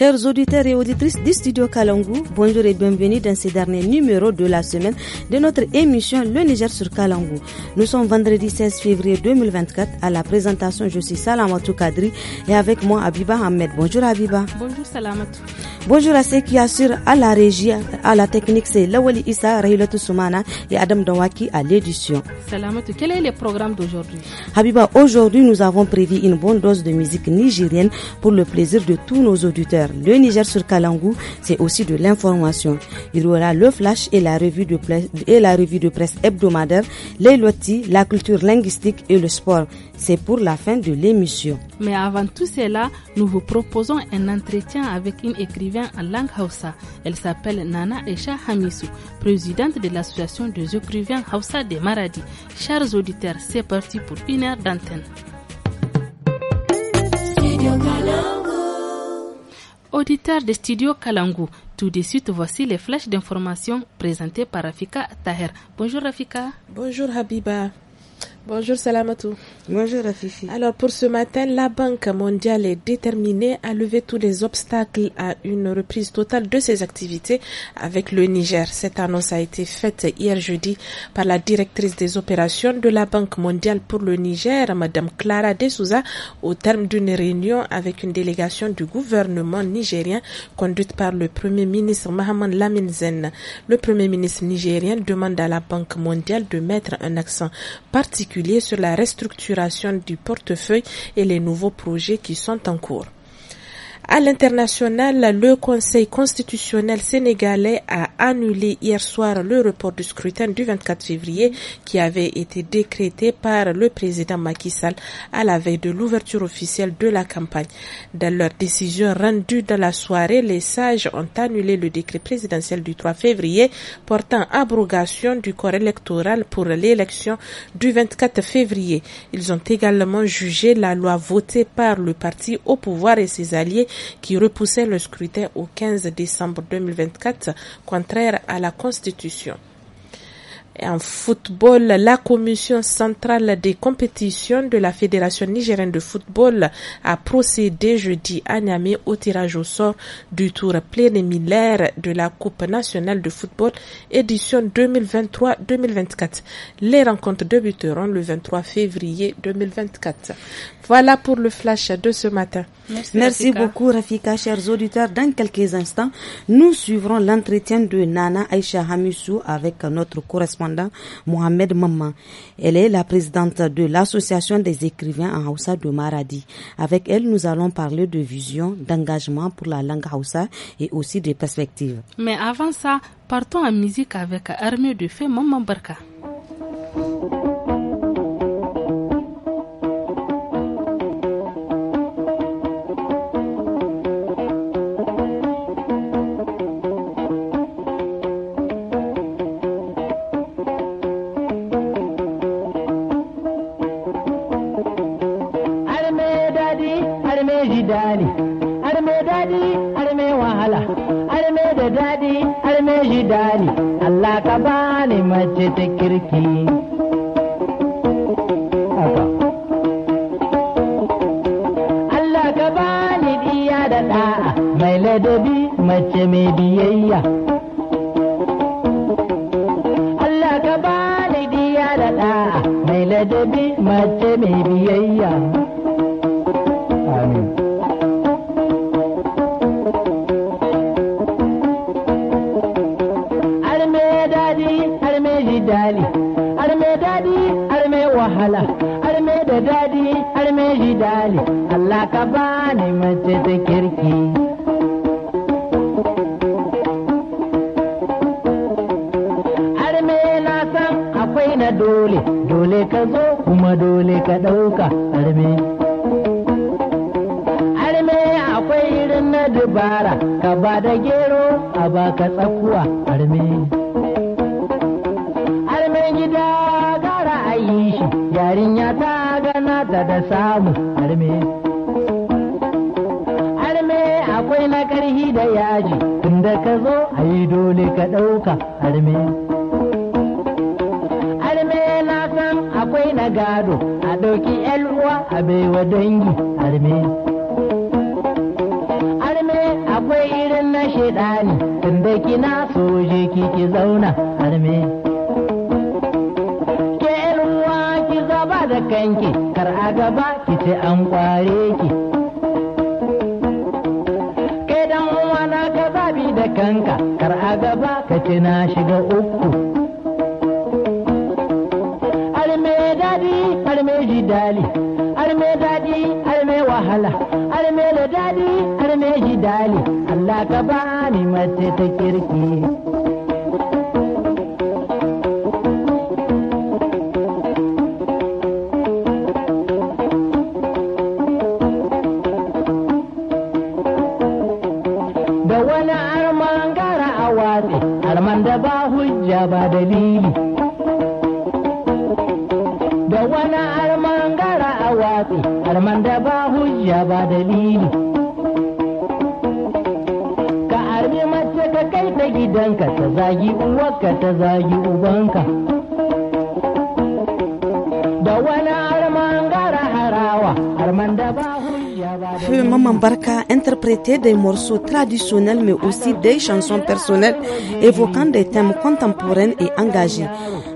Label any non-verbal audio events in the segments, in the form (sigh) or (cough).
Chers auditeurs et auditrices du studio Kalangu, bonjour et bienvenue dans ce dernier numéro de la semaine de notre émission Le Niger sur Kalangu. Nous sommes vendredi 16 février 2024 à la présentation. Je suis Salamatou Kadri et avec moi Abiba Ahmed. Bonjour Abiba. Bonjour Salamatou. Bonjour à ceux qui assurent à la régie, à la technique, c'est Lawali Issa, Rahilatou Soumana et Adam Dawaki à l'édition. Salamatu, quel est le programme d'aujourd'hui Habiba, aujourd'hui nous avons prévu une bonne dose de musique nigérienne pour le plaisir de tous nos auditeurs. Le Niger sur Kalangou, c'est aussi de l'information. Il y aura le flash et la revue de presse, et la revue de presse hebdomadaire, les lotis, la culture linguistique et le sport. C'est pour la fin de l'émission. Mais avant tout cela, nous vous proposons un entretien avec une écrivain en langue Hausa. Elle s'appelle Nana Esha Hamisu, présidente de l'association des écrivains Hausa des Maradi. Chers auditeurs, c'est parti pour une heure d'antenne. Auditeurs de Studio Kalangu, tout de suite, voici les flèches d'information présentées par Rafika Taher. Bonjour Rafika. Bonjour Habiba. Bonjour Salamatou. Bonjour Afifi. Alors pour ce matin, la Banque mondiale est déterminée à lever tous les obstacles à une reprise totale de ses activités avec le Niger. Cette annonce a été faite hier jeudi par la directrice des opérations de la Banque mondiale pour le Niger, Madame Clara De Souza, au terme d'une réunion avec une délégation du gouvernement nigérien conduite par le Premier ministre Mohamed Laminzen. Le Premier ministre nigérien demande à la Banque mondiale de mettre un accent particulier particulier sur la restructuration du portefeuille et les nouveaux projets qui sont en cours. À l'international, le Conseil constitutionnel sénégalais a annulé hier soir le report du scrutin du 24 février qui avait été décrété par le président Macky Sall à la veille de l'ouverture officielle de la campagne. Dans leur décision rendue dans la soirée, les sages ont annulé le décret présidentiel du 3 février portant abrogation du corps électoral pour l'élection du 24 février. Ils ont également jugé la loi votée par le parti au pouvoir et ses alliés qui repoussait le scrutin au 15 décembre 2024, contraire à la Constitution. En football, la commission centrale des compétitions de la Fédération nigérienne de football a procédé jeudi à Niamey au tirage au sort du tour préliminaire de la Coupe nationale de football édition 2023-2024. Les rencontres débuteront le 23 février 2024. Voilà pour le flash de ce matin. Merci, beaucoup Rafika, chers auditeurs. Dans quelques instants, nous suivrons l'entretien de Nana Aïcha Hamissou avec notre correspondant Mohamed Maman. Elle est la présidente de l'Association des écrivains en Hausa de Maradi. Avec elle, nous allons parler de vision, d'engagement pour la langue Hausa et aussi des perspectives. Mais avant ça, partons en musique avec Armée de Fé Maman Barka. mai daɗi, dadi mai wahala arme da dadi arme shi dali Allah ka bani mace ta kirki Allah ka bani diya da da'a mai ladabi mace mai biyayya Allah ka bani diya da da'a mai ladabi mace mai biyayya Allah ka bani mace ta kirki. Arme na akwai na dole, dole ka zo kuma dole ka ɗauka arme. Arme akwai irin na dubara, ka ba da gero a baka tsakuwa. kanka kar a gaba ka ce na shiga uku arme daɗi arme ji dali arme daɗi arme wahala arme da daɗi arme ji dali Allah ka bani mace ta kirki interpréter des morceaux traditionnels mais aussi des chansons personnelles évoquant des thèmes contemporains et engagés.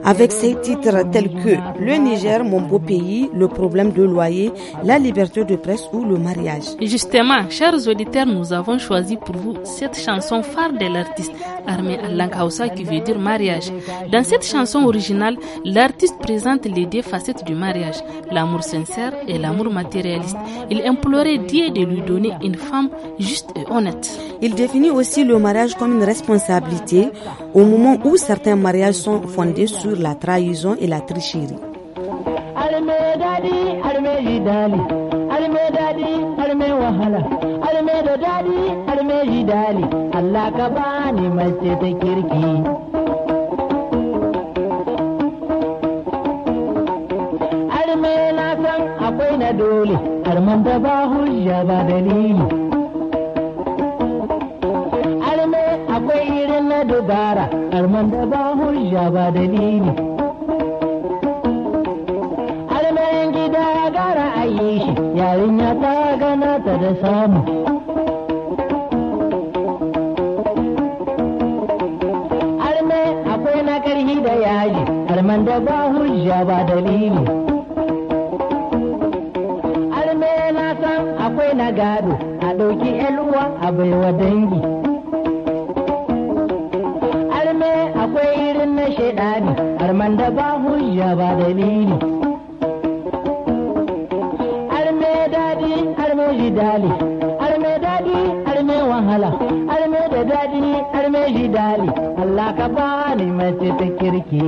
Avec ces titres tels que Le Niger, mon beau pays, le problème de loyer, la liberté de presse ou le mariage. Justement, chers auditeurs, nous avons choisi pour vous cette chanson phare de l'artiste armée à qui veut dire mariage. Dans cette chanson originale, l'artiste présente les deux facettes du mariage, l'amour sincère et l'amour matérialiste. Il implorait Dieu de lui donner une femme juste et honnête. Il définit aussi le mariage comme une responsabilité au moment où certains mariages sont fondés sur la trahison et la tricherie. daɗi arme wahala arme da daɗi arme shi dali Allah ka bani mace ta kirki arme na san akwai na dole man da ba hujja ba dalili arme akwai irin na dubara man da ba hujja ba dalili da akwai karhi da yaji kalman da ba ba dalili arme na akwai nagado, gado a ɗauki uwa a baiwa dangi arme akwai irin na shaidani arman da ba ba dalili இருக்கி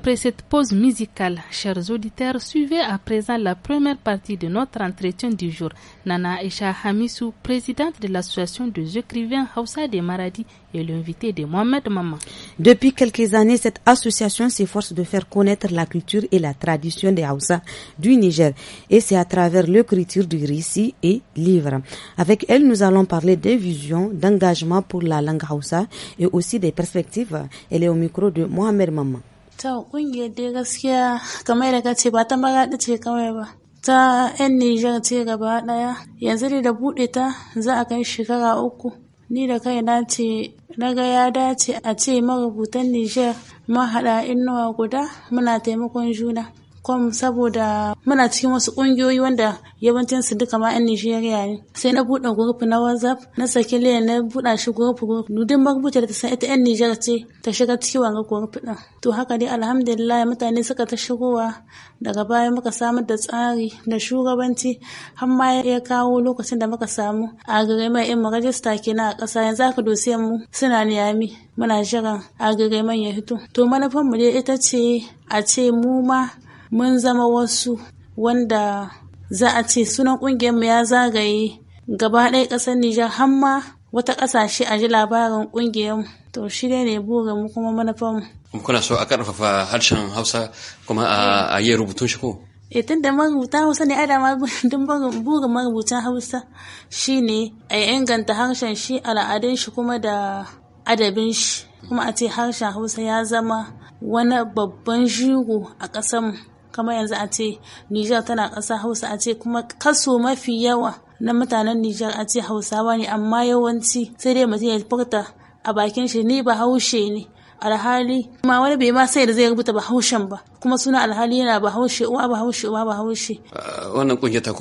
après cette pause musicale, chers auditeurs, suivez à présent la première partie de notre entretien du jour. Nana Esha Hamissou, présidente de l'association des écrivains Hausa des Maradi, et l'invité de Mohamed Maman. Depuis quelques années, cette association s'efforce de faire connaître la culture et la tradition des Hausa du Niger. Et c'est à travers l'écriture du récit et livre. Avec elle, nous allons parler des visions, d'engagement pour la langue Hausa et aussi des perspectives. Elle est au micro de Mohamed Maman. ta kungiyar dai gaskiya kamar da kace ba ta magaɗi ce kawai ba ta 'yan Nijar ce gaba ɗaya yanzu ne da buɗe ta za a kai shekara uku ni da na ce na ga ya dace a ce marubutan Nijar mahaɗa inuwa guda muna taimakon juna Kom saboda muna cikin wasu kungiyoyi wanda yawancin su duka ma 'yan Nijeriya ne. Sai na buɗe gurfi na WhatsApp na saki laye na buɗa shi gurfi gurfi Nudin marubuta da ta san ita 'yan Nijar ce ta shiga cikin wanga gurfi ɗin. To haka dai alhamdulillah mutane suka ta shigowa daga baya muka samu da tsari da shugabanci har ma ya kawo lokacin da muka samu agreement in mu rajista kenan a ƙasa yanzu aka dose mu suna niyami muna jiran agreement ya hito. To manufan mu dai ita ce a ce mu ma mun zama wasu wanda za a ce sunan ƙungiyarmu ya zagaye gaba ɗaya ƙasar Nijar har ma wata ƙasashe a ji labarin ƙungiyarmu to shi dai ne buga mu kuma manufarmu. Kuna so a ƙarfafa harshen Hausa kuma a yi rubutun shi ko? E eh, tun da marubutan Hausa ne ma don buga marubutan Hausa shi ne a inganta harshen shi al'adun shi kuma da adabin shi kuma a ce harshen Hausa ya zama wani babban jigo a ƙasarmu. kamar yanzu a ce Nijar tana ƙasa Hausa a ce kuma kaso mafi yawa na mutanen Nijar a ce Hausawa ne amma yawanci sai dai mutum ya furta a bakin shi ni bahaushe ne alhali ma wani bai ma sai da zai rubuta bahaushen ba kuma suna alhali yana bahaushe uwa bahaushe uwa bahaushe ah, wannan kungiyar ta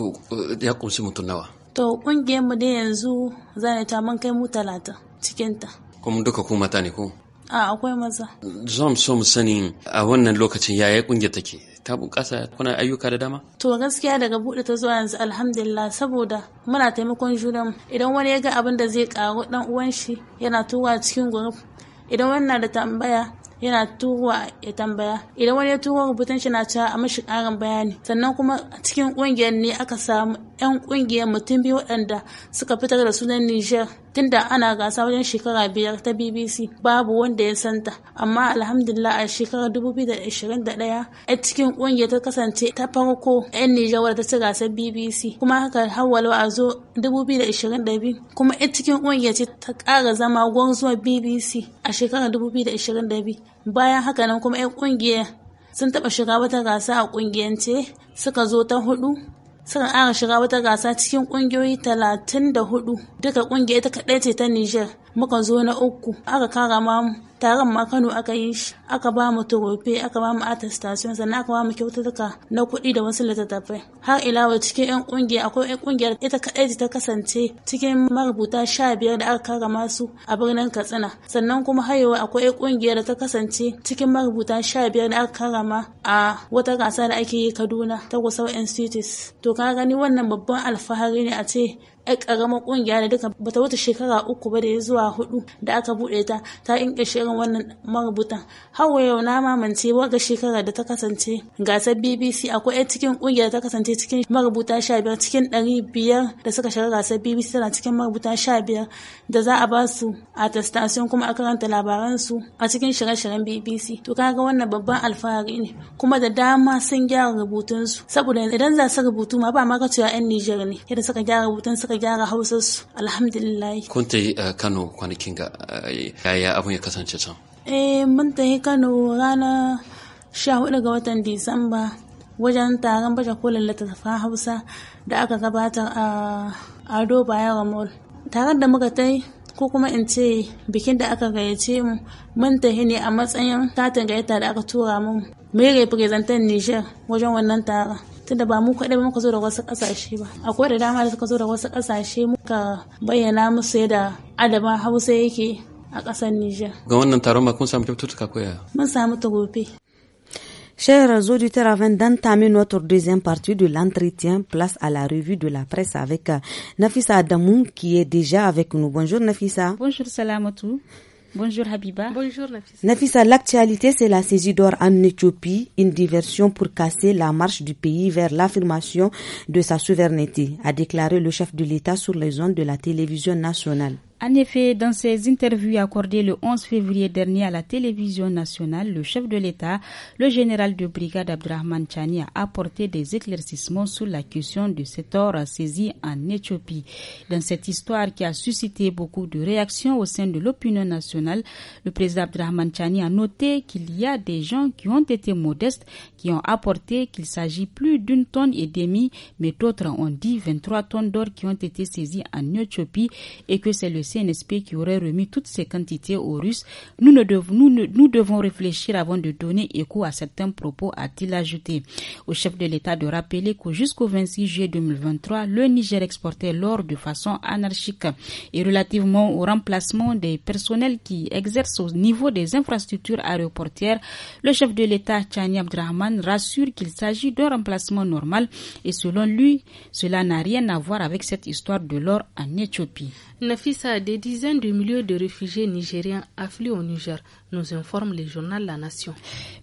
ya kunshi mutum nawa to kungiyar mu dai yanzu zan ta mun kai mu talata cikin ta kuma duka ku mata ne ko a ah, akwai maza zan so mu sani a wannan lokacin yaya kungiyar take ta bunƙasa kuna ayyuka da dama? To gaskiya daga bude ta zuwa yanzu alhamdulillah saboda muna taimakon junan idan wani ya ga abin da zai ƙaru dan uwan shi yana tuwa cikin gurup idan wani na da tambaya yana tuwa ya tambaya idan wani ya tuwa rubutun shi na cewa a mashi karin bayani sannan kuma a cikin kungiyar ne aka samu yan kungiyar mutum biyu waɗanda suka fitar da sunan Niger tunda ana gasa wajen shekara biyar ta bbc babu wanda ya santa amma alhamdulillah a shekarar 2021 a cikin kungiyar ta kasance ta farko 'yan nijar ta ci gasa bbc kuma haka hawalwa a zo 2022 kuma a cikin kungiyar ce ta kara zama gwarzuwar bbc a shekarar 2022 bayan haka nan kuma 'yan kungiyar sun taɓa shiga wata gasa a kungiyance suka zo ta hudu suka ƙara shiga wata gasa cikin ƙungiyoyi 34 duka ƙungiyar ta kaɗai ce ta Nijar muka zo na uku aka kara mamu taron ma Kano aka yi shi aka ba mu turofe aka ba mu attestation sannan aka ba mu kyaututtuka na kuɗi da wasu littattafai har ilawa cikin yan kungiya akwai yan kungiyar ita kaɗai ta kasance cikin marubuta sha biyar da aka kara masu a birnin Katsina sannan kuma hayewa akwai yan kungiyar da ta kasance cikin marubuta sha biyar da aka kara ma a wata gasa da ake yi Kaduna ta Gusau Institutes to ka gani wannan babban alfahari ne a ce 'yan karamar kungiya da duka bata wata shekara uku ba da zuwa hudu da aka buɗe ta ta inke shirin wannan marubutan hawa yau na mamance waga shekara da ta kasance gasar bbc akwai 'yan cikin ƙungiyar da ta kasance cikin marubuta sha biyar cikin dari biyar da suka shiga gasar bbc tana cikin marubuta sha biyar da za a ba su attestation kuma a karanta labaransu a cikin shirye-shiryen bbc to kaga wannan babban alfahari ne kuma da dama sun gyara rubutunsu saboda idan za su rubutu ma ba ma ka cewa 'yan nijar ne yadda suka gyara rubutun suka gyara hausar su alhamdulillah kun ta yi eh, kano kwanakin ga eh, yaya abun ya kasance can eh mun ta yi kano ranar sha hudu ga watan disamba wajen taron baje kolin littattafan hausa da aka gabatar a ado bayero mall taron da muka ta ko kuma in ce bikin da aka gayyace mu mun tafi ne a matsayin katin gayyata da aka tura mu mai yi representan Niger wajen wannan taron. tunda ba mu kaɗai muka zo da wasu ƙasashe ba akwai da dama da suka zo da wasu ƙasashe muka bayyana musu yadda adama hausa yake a ƙasar Nijar. Ga wannan taron ba kun samu kyaututtuka ko yaya? Mun samu tagofi. Chers auditeurs, avant d'entamer notre deuxième partie de l'entretien, place à la revue de la presse avec Nafisa Adamou qui est déjà avec nous. Bonjour Nafisa. Bonjour Salamatou. Bonjour Habiba. Bonjour Nafisa. Nafisa, l'actualité, c'est la saisie d'or en Éthiopie, une diversion pour casser la marche du pays vers l'affirmation de sa souveraineté, a déclaré le chef de l'État sur les ondes de la télévision nationale. En effet, dans ses interviews accordées le 11 février dernier à la télévision nationale, le chef de l'État, le général de brigade Abdrahman Chani, a apporté des éclaircissements sur la question de cet or saisi en Éthiopie. Dans cette histoire qui a suscité beaucoup de réactions au sein de l'opinion nationale, le président Abdrahman Chani a noté qu'il y a des gens qui ont été modestes, qui ont apporté qu'il s'agit plus d'une tonne et demie, mais d'autres ont dit 23 tonnes d'or qui ont été saisies en Éthiopie et que c'est le CNSP qui aurait remis toutes ces quantités aux Russes. Nous, ne devons, réfléchir avant de donner écho à certains propos, a-t-il ajouté. Au chef de l'État de rappeler que jusqu'au 26 juillet 2023, le Niger exportait l'or de façon anarchique. Et relativement au remplacement des personnels qui exercent au niveau des infrastructures aéroportières, le chef de l'État, Chani Abdrahman, rassure qu'il s'agit d'un remplacement normal et selon lui, cela n'a rien à voir avec cette histoire de l'or en Éthiopie. Nafisa des dizaines de milliers de réfugiés nigériens affluent au Niger, nous informe le journal La Nation.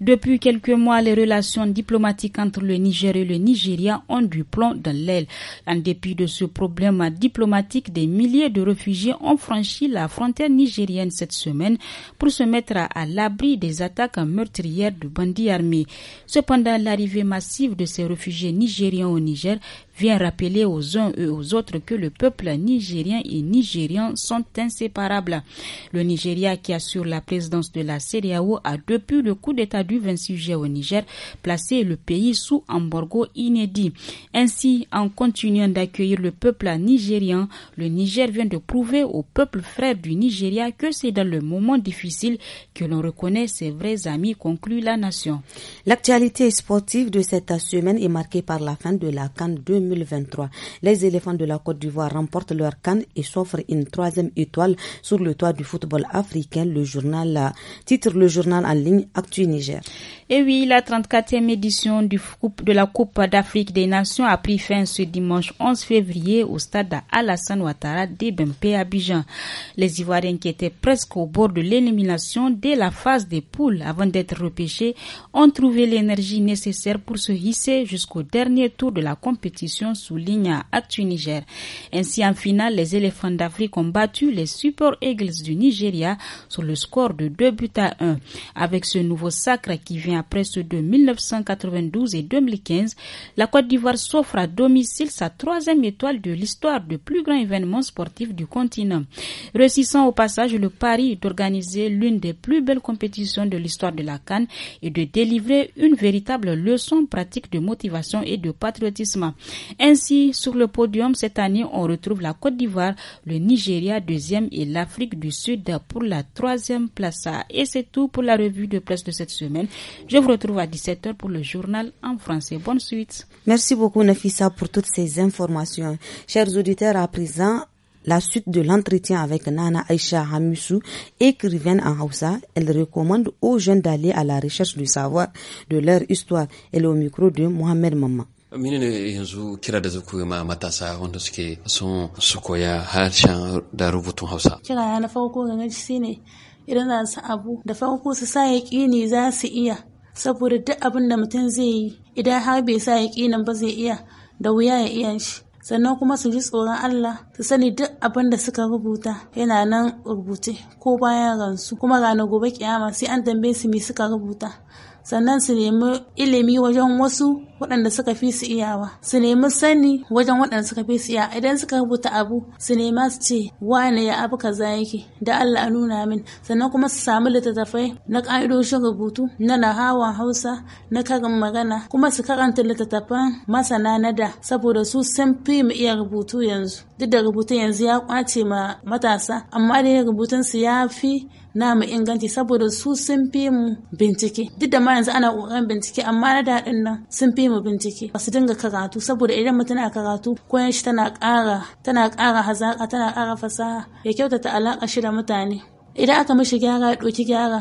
Depuis quelques mois, les relations diplomatiques entre le Niger et le Nigeria ont du plomb dans l'aile. En dépit de ce problème diplomatique, des milliers de réfugiés ont franchi la frontière nigérienne cette semaine pour se mettre à, l'abri des attaques meurtrières de bandits armés. Cependant, l'arrivée massive de ces réfugiés nigériens au Niger vient rappeler aux uns et aux autres que le peuple nigérien et nigérien sont inséparables. Le Nigeria, qui assure la présidence de la CEDEAO, a depuis le coup d'État du 26 juillet au Niger placé le pays sous embargo inédit. Ainsi, en continuant d'accueillir le peuple nigérien, le Niger vient de prouver au peuple frère du Nigeria que c'est dans le moment difficile que l'on reconnaît ses vrais amis, conclut la nation. L'actualité sportive de cette semaine est marquée par la fin de la Cannes 2020. Les éléphants de la Côte d'Ivoire remportent leur canne et s'offrent une troisième étoile sur le toit du football africain. Le journal euh, titre le journal en ligne Actu Niger. Et oui, la 34e édition du de la Coupe d'Afrique des Nations a pris fin ce dimanche 11 février au stade Alassane Ouattara à Abidjan. Les Ivoiriens qui étaient presque au bord de l'élimination dès la phase des poules avant d'être repêchés ont trouvé l'énergie nécessaire pour se hisser jusqu'au dernier tour de la compétition souligne Actu Niger. Ainsi, en finale, les éléphants d'Afrique ont battu les Super Eagles du Nigeria sur le score de 2 buts à 1. Avec ce nouveau sacre qui vient après ceux de 1992 et 2015, la Côte d'Ivoire s'offre à domicile sa troisième étoile de l'histoire du plus grand événement sportif du continent. Réussissant au passage le pari d'organiser l'une des plus belles compétitions de l'histoire de la Cannes et de délivrer une véritable leçon pratique de motivation et de patriotisme. Ainsi, sur le podium cette année, on retrouve la Côte d'Ivoire, le Nigeria deuxième et l'Afrique du Sud pour la troisième place. Et c'est tout pour la revue de presse de cette semaine. Je vous retrouve à 17h pour le journal en français. Bonne suite. Merci beaucoup Nafissa pour toutes ces informations. Chers auditeurs, à présent, la suite de l'entretien avec Nana Aisha Hamusou, écrivaine en Hausa, elle recommande aux jeunes d'aller à la recherche du savoir de leur histoire. Elle est au micro de Mohamed Maman. mini ne yanzu kira da zuku ma matasa wanda suke sun su koya harshen da rubutun hausa kira na farko ga shi ne idan za su abu da farko su sa ya yaƙini za su iya saboda duk abin da mutum zai yi idan har bai sa ya nan ba zai iya da wuya ya iya shi sannan kuma su ji tsoron Allah su sani duk abin da suka rubuta yana nan rubuce ko bayan ransu kuma ranar gobe kiyama sai an tambaye su me suka rubuta sannan su nemi ilimi wajen wasu waɗanda suka fi su iyawa su nemi sani wajen waɗanda suka fi su iya idan suka rubuta abu su nema su ce wane ya abu kaza yake da Allah a nuna min sannan kuma su samu littattafai na ƙa'idoshin rubutu na nahawan hausa na karin magana kuma su karanta littattafan masana na da saboda su sun fi mu iya rubutu yanzu duk da rubutu yanzu ya kwace ma matasa amma dai rubutun su ya fi namu inganci saboda su sun fi mu bincike duk da ma yanzu ana kokarin bincike amma na daɗin nan sun fi mu bincike ba su dinga karatu saboda idan mutum na karatu koyan shi tana ƙara tana ƙara hazaƙa tana ƙara fasaha ya kyautata alaƙa shi da mutane idan aka mishi gyara ya ɗauki gyara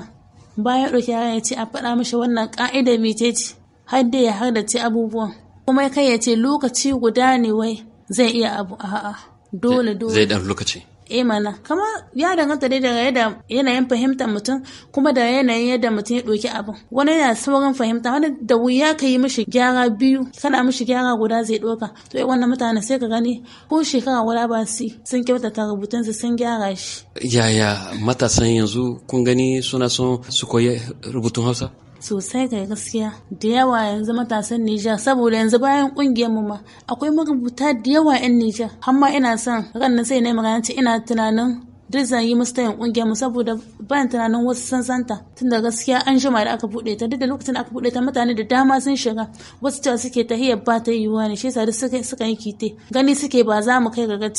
bayan ɗauki gyara ya ce a faɗa mishi wannan ƙa'ida mece ce har da ya har da abubuwan kuma kai ya ce lokaci guda ne wai zai iya abu a'a dole dole zai ɗan lokaci eh mana kamar ya danganta dai daga yadda yanayin fahimtar mutum kuma da yanayin yadda mutum ya ɗauki abin wani yana saurin fahimta wani da wuya ka yi mishi gyara biyu kana mishi gyara guda zai ɗauka to yi wannan mutane sai ka gani ko shekara guda ba su sun kyautata rubutun su sun gyara shi yaya matasan yanzu kun gani suna son su koyi rubutun hausa sosai ga gaskiya da yawa yanzu matasan Nijar saboda yanzu bayan kungiyar mu ma akwai marubuta da yawa 'yan Nijar har ma ina son ran sai na magana ina tunanin duk zan yi musu yin kungiyar mu saboda ban tunanin wasu sun santa tunda gaskiya an jima da aka buɗe ta duk da lokacin da aka buɗe ta mutane da dama sun shiga wasu cewa suke ta hiyar ba ta yiwuwa ne shi yasa duk suka yi kite gani suke ba za mu kai ga ba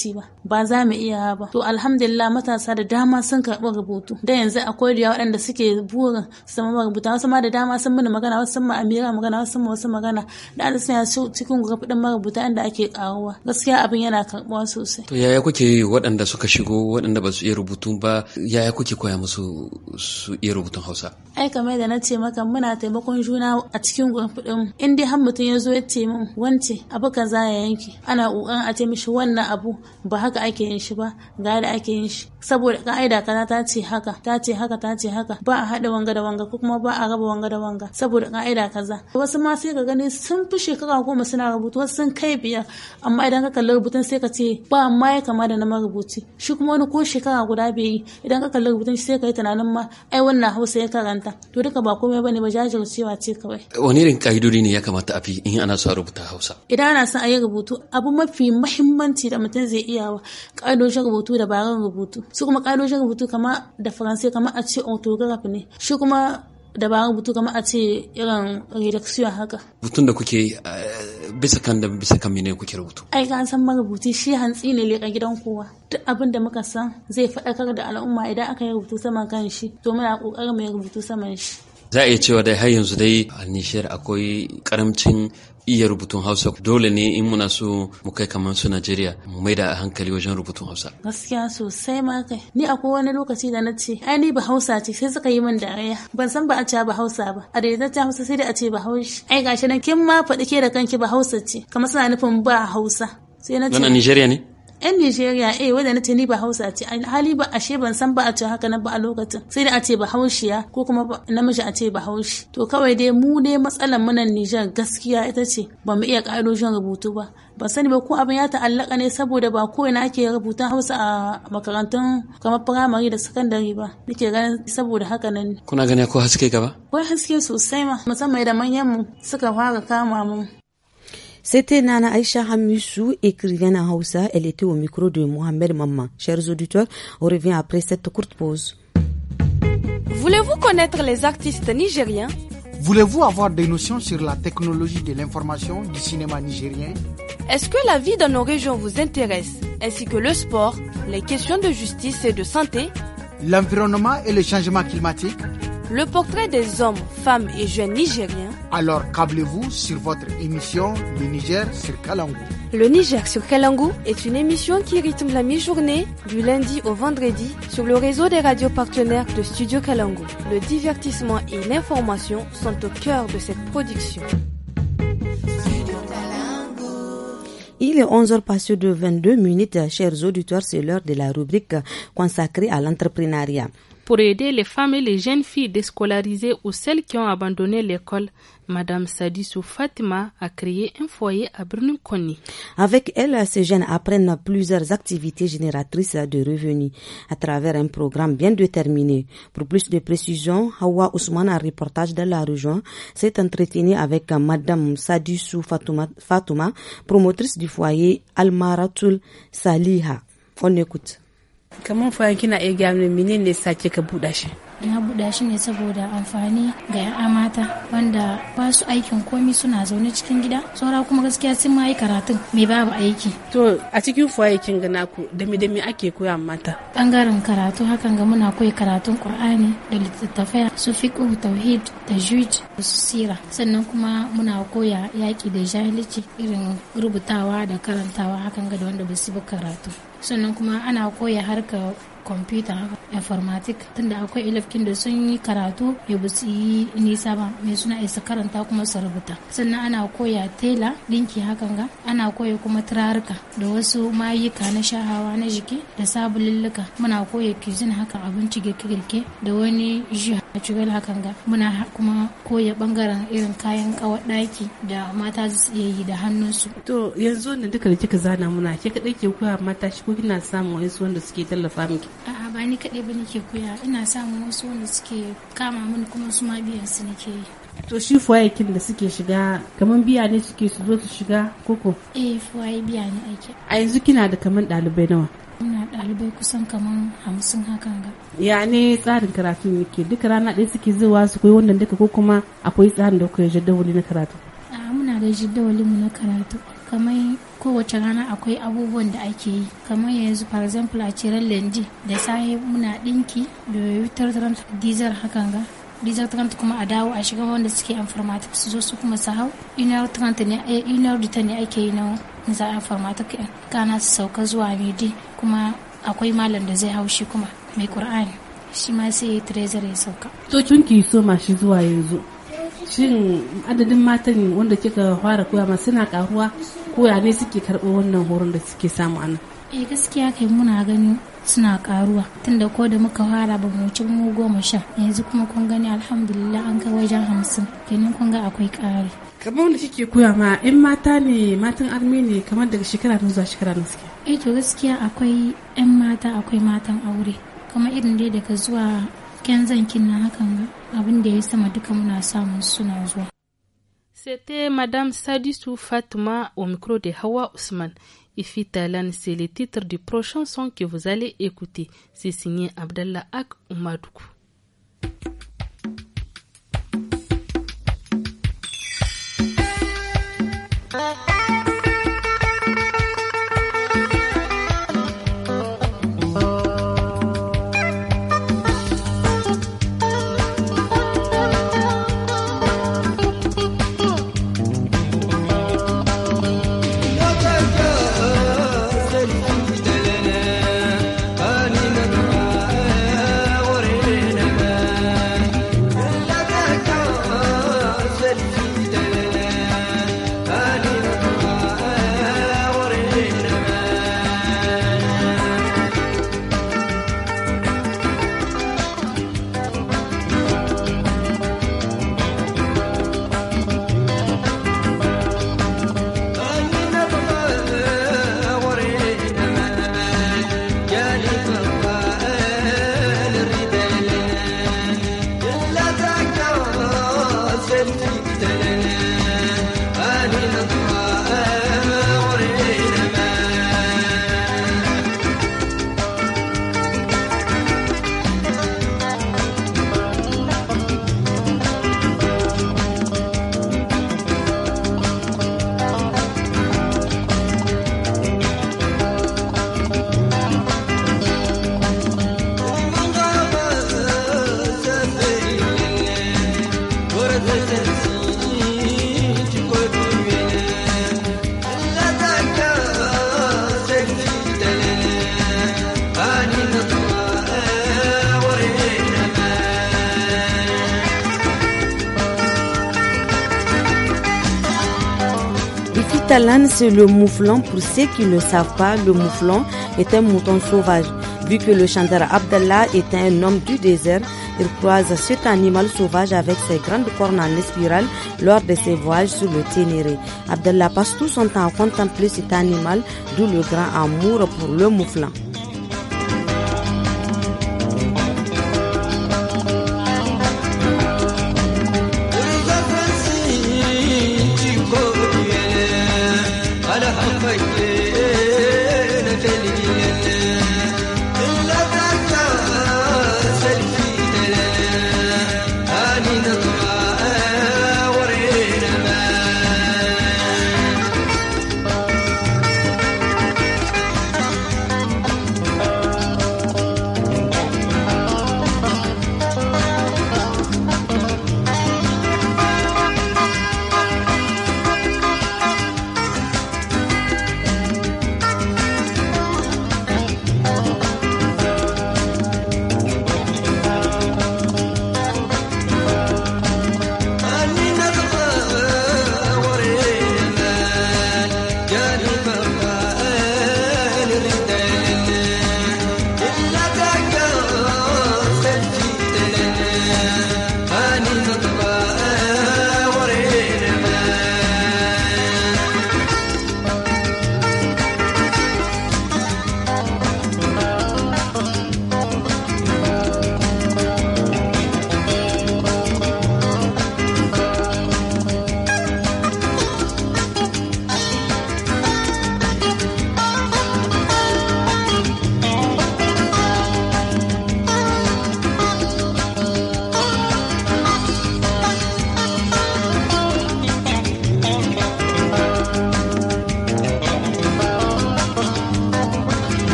ba za mu iya ba to alhamdulillah matasa da dama sun karɓi rubutu da yanzu akwai da waɗanda suke burin su zama marubuta wasu ma da dama sun mini magana wasu sun ma amira magana wasu sun ma wasu magana da an suna cikin gurfi ɗin marubuta inda ake ƙaruwa gaskiya abin yana karɓuwa sosai. to yaya kuke yi waɗanda suka shigo waɗanda ba su iya rubutu ba yaya kuke koya musu su iya rubutun hausa ai kamar da na ce maka muna taimakon juna a cikin gwamfudin in dai har mutum ya zo ya ce min wance abu kaza ya yanke ana kokarin a ce mishi wannan abu ba haka ake yin shi ba ga da ake yin shi saboda ka'ida kaza ta ce haka ta ce haka ta ce haka ba a haɗa wanga da wanga ko kuma ba a raba wanga da wanga saboda ka'ida kaza wasu ma sai ka gani sun fi shekara goma suna rubutu wasu sun kai biyar amma idan ka kalli rubutun sai ka ce ba ma ya kama da na marubuci shi kuma wani ko shekara shekara guda bai yi idan ka kalli rubutun sai ka yi tunanin ma ai wannan hausa ya karanta to duka ba komai bane ba jajircewa ce kawai wani irin ka'idodi ne ya kamata a fi in ana so a rubuta hausa idan ana son a yi rubutu abu mafi mahimmanci da mutum zai iya wa ka'idojin rubutu da baran rubutu su kuma ka'idojin rubutu kama da faransai kama a ce autograph ne shi kuma dabarun rubutu kamar a ce irin redaction haka. Rubutun da kuke eh, bisa kan da bisa kan mene kuke rubutu ai ga san marubuci shi hantsi ne leƙa gidan kowa duk abin da muka san zai faɗakar da al'umma idan aka yi rubutu sama kan shi to muna ƙoƙarin mai rubutu saman shi za a iya cewa dai har yanzu dai a nishiyar akwai karamcin iya rubutun hausa dole ne in muna so mu kai kamar su najeriya mu maida a hankali wajen rubutun hausa gaskiya sosai ma kai ni akwai wani lokaci da na ce ai ni Hausa ce sai suka yi min dariya ban san ba a ce Hausa ba a ta hausa sai dai a ce "Ba hausa ai gashi nan kin ma faɗi ke da kanki ba Hausa ce kamar suna nufin ba hausa sai na ce nigeria ne 'yan Nigeria eh wanda na ni ba Hausa ce hali ba ashe ban san ba a ce haka nan ba a lokacin sai da a ce ba Haushiya ko kuma namiji a ce ba Haushi to kawai dai mu ne matsalar mu nan Niger gaskiya ita ce ba mu iya ƙa'idojin rubutu ba ban sani ba ko abin ya ta'allaka ne saboda ba ko ina ake rubuta Hausa a makarantun kamar firamare da sakandare ba nake ganin saboda haka nan kuna gani ko haske gaba ko haske sosai ma musamman da manyan mu suka fara kama mu C'était Nana aisha Hamusou écrivaine à Hausa. Elle était au micro de Mohamed Maman. Chers auditeurs, on revient après cette courte pause. Voulez-vous connaître les artistes nigériens Voulez-vous avoir des notions sur la technologie de l'information du cinéma nigérien Est-ce que la vie dans nos régions vous intéresse, ainsi que le sport, les questions de justice et de santé L'environnement et le changement climatique le portrait des hommes, femmes et jeunes nigériens. Alors câblez-vous sur votre émission Le Niger sur Kalangou. Le Niger sur Kalangou est une émission qui rythme la mi-journée du lundi au vendredi sur le réseau des radios partenaires de Studio Kalangou. Le divertissement et l'information sont au cœur de cette production. Il est 11h passé de 22 minutes, chers auditeurs, c'est l'heure de la rubrique consacrée à l'entrepreneuriat pour aider les femmes et les jeunes filles déscolarisées ou celles qui ont abandonné l'école. Madame Sadissou Fatima a créé un foyer à Brunukoni. Avec elle, ces jeunes apprennent plusieurs activités génératrices de revenus à travers un programme bien déterminé. Pour plus de précisions, Hawa Ousmane, un reportage de la région, s'est entretenu avec Madame Sadissou Fatima, promotrice du foyer Almaratul Saliha. On écoute. kamar fa kina iya gaya mini menene ne sake ka buɗa shi na buɗa shi ne saboda amfani ga 'yan amata wanda ba su aikin komi suna zaune cikin gida saura kuma gaskiya sun ma yi karatun mai babu aiki to a cikin fuwayakin gana ku dami dami ake koya mata bangaren karatu hakan ga muna koyi karatun qur'ani da littattafai su fiqh tauhid da juj da su sira sannan kuma muna koya yaki da jahilci irin rubutawa da karantawa hakan ga da wanda ba su bi karatu sannan kuma ana koya harkar kwamfuta haka informatic tunda akwai ilafkin da sun yi karatu ya ba su yi nisa ba mai suna isa karanta kuma su rubuta sannan ana koya tela dinki hakan ga ana koya kuma turaruka da wasu mayuka na shahawa na jiki da sabululluka muna koya kizin haka abinci girke-girke da wani ji a hakan ga muna kuma koya bangaren irin kayan kawar daki da mata su iya yi da hannunsu to yanzu wannan duka da kika zana muna ke kaɗai ke koya mata shi ko kina samun wasu wanda suke tallafa miki a'a ba ni kaɗai ba nake koya ina samun wasu wanda suke kama min kuma su ma biyan su nake yi to shi fuwayakin da suke shiga kamar biya ne suke su zo su shiga koko eh fuwaye biya ne aiki. a yanzu kina da kaman ɗalibai nawa ina ɗalibai kusan kamar hamsin hakan ga ya ne tsarin karatun ke, duka rana ɗaya suke zuwa su koyi wannan duka ko kuma akwai tsarin da kuka yi jaddawali na karatu a muna da jaddawalin mu na karatu kamar kowace rana akwai abubuwan da ake yi kamar yanzu for example a ciran lendi da sahi muna dinki da wutar dizar hakan ga dizar trant kuma a dawo a shiga wanda suke informatik su zo su kuma su hau inar trant ne eh, inar dita ne ake yi na za informatik eh, kana su sauka zuwa midi kuma akwai malam da zai hau shi kuma mai qur'ani shi ma sai ya trezor ya sauka to kin ki so mashi zuwa yanzu shin adadin matan wanda kika fara koya ma suna karuwa koya ne suke karɓo wannan horon da suke samu nan. eh gaskiya kai muna gani suna karuwa tunda ko da muka fara ba mu wuce mu goma sha yanzu kuma kun gani alhamdulillah an kai wajen hamsin kenan kun ga akwai ƙari kamar wanda kike koya ma in mata ne matan armi ne kamar daga shekara nan zuwa shekara nan suke eh to gaskiya akwai 'yan mata akwai matan aure kamar irin dai daga zuwa C'était Madame Sadisou Fatma au micro de Hawa Ousmane. Ifi Talan, c'est le titre du prochain son que vous allez écouter. C'est signé Abdallah Ak Umadoukou. c'est le mouflon. Pour ceux qui ne savent pas, le mouflon est un mouton sauvage. Vu que le Chandra Abdallah est un homme du désert, il croise cet animal sauvage avec ses grandes cornes en spirale lors de ses voyages sur le Ténéré. Abdallah passe tout son temps à contempler cet animal, d'où le grand amour pour le mouflon.